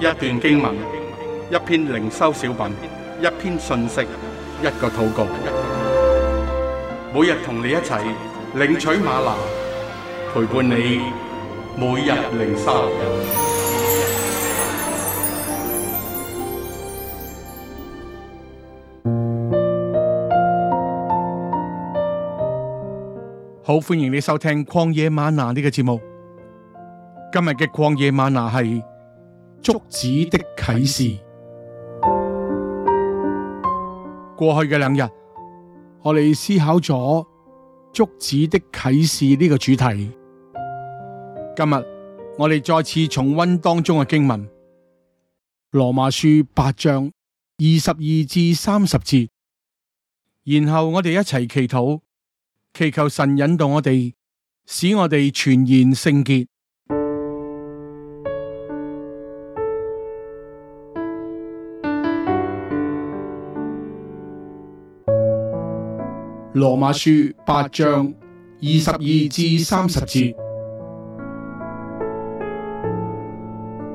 一段經文，一篇靈修小品，一篇信息，一個禱告。每日同你一齊領取嗎哪，陪伴你每日靈修。好，歡迎你收聽《曠野嗎哪》呢個節目。今日嘅《曠野嗎哪》係。竹子，竹子的啟示。過去嘅兩日，我哋思考咗竹子的啟示呢個主題今。今日我哋再次重溫當中嘅經文《羅馬書》八章二十二至三十節，然後我哋一齊祈禱，祈求神引導我哋，使我哋全然聖潔。羅馬書八章二十二至三十節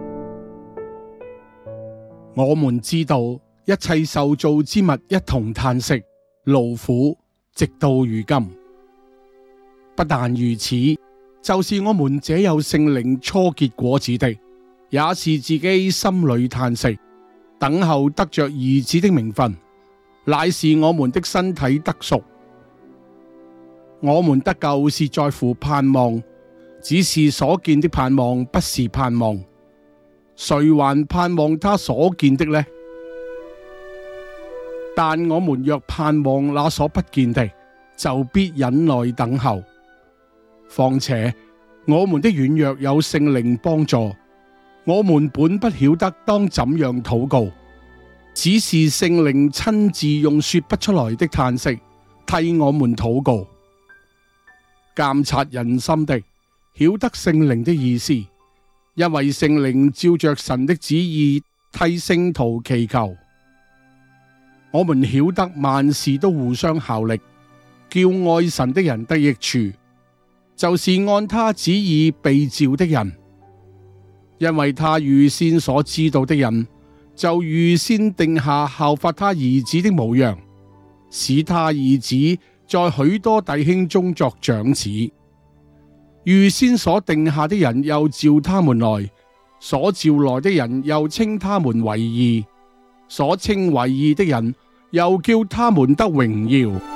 我們知道一切受造之物一同嘆息勞苦，直到如今。不但如此，就是我們這有聖靈初結果子的，也是自己心裡嘆息，等候得着兒子的名分，乃是我們的身體得贖。我們得救是在乎盼望，只是所見的盼望不是盼望，誰還盼望他所見的呢？但我們若盼望那所不見的，就必忍耐等候。況且我們的軟弱有聖靈幫助，我們本不曉得當怎樣禱告，只是聖靈親自用說不出來的嘆息替我們禱告。監察人心的，曉得聖靈的意思，因為聖靈照着神的旨意替聖徒祈求。我們曉得萬事都互相效力，叫愛神的人得益處，就是按他旨意被召的人。因為他預先所知道的人，就預先定下效法他兒子的模樣，使他兒子。在許多弟兄中作長子，預先所定下的人又召他們來，所召來的人又稱他們為義，所稱為義的人又叫他們得榮耀。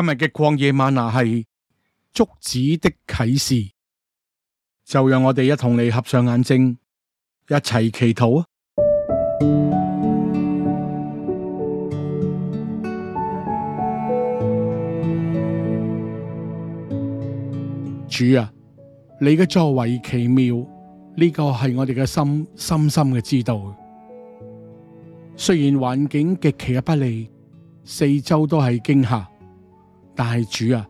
今日嘅曠野嗎哪係竹子的啟示，就讓我哋一同你合上眼睛，一齊祈禱啊！主啊，你嘅作為奇妙，呢個係我哋嘅心深深嘅知道。雖然環境極其嘅不利，四周都係驚嚇。但係主啊，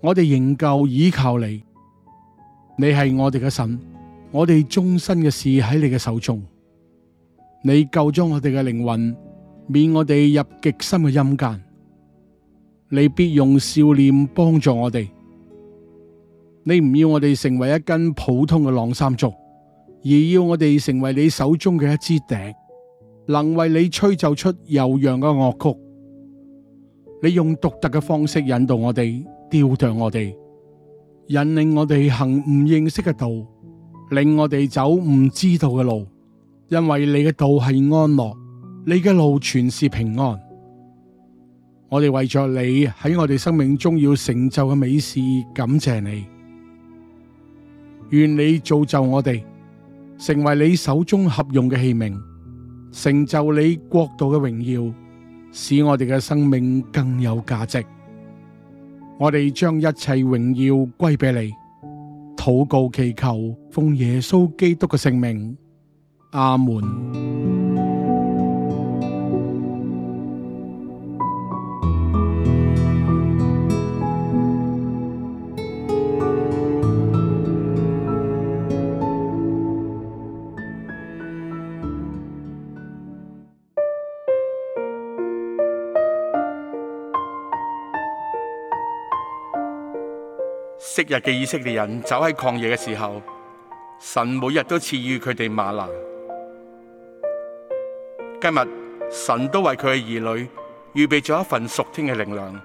我哋仍舊倚靠你，你係我哋嘅神，我哋終身嘅事喺你嘅手中。你救咗我哋嘅靈魂，免我哋入極深嘅陰間。你必用笑臉幫助我哋，你唔要我哋成為一根普通嘅晾衫竹，而要我哋成為你手中嘅一支笛，能為你吹奏出悠揚嘅樂曲。你用獨特嘅方式引導我哋，雕琢我哋，引領我哋行唔認識嘅道，令我哋走唔知道嘅路。因為你嘅道係安樂，你嘅路全是平安。我哋為著你喺我哋生命中要成就嘅美事，感謝你。願你造就我哋，成為你手中合用嘅器皿，成就你國度嘅榮耀。使我哋嘅生命更有價值，我哋將一切榮耀歸俾你，禱告祈求，奉耶穌基督嘅聖名，阿門。昔日嘅以色列人走喺曠野嘅時候，神每日都賜予佢哋嗎哪。今日神都為佢嘅兒女預備咗一份屬天嘅靈糧，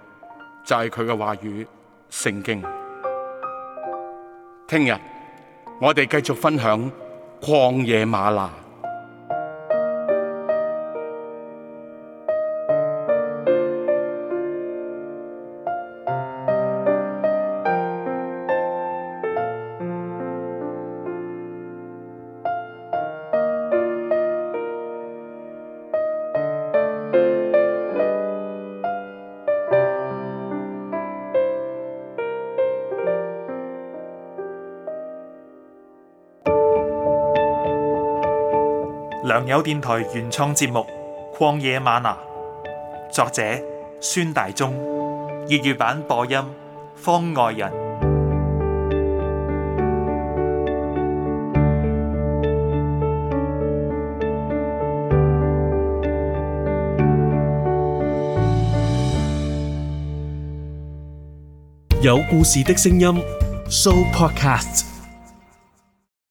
就係佢嘅話語《聖經》。聽日我哋繼續分享曠野嗎哪。良友電台原創節目《曠野嗎哪》，作者孫大中，粵語版播音方外人，有故事的聲音，Show Podcasts。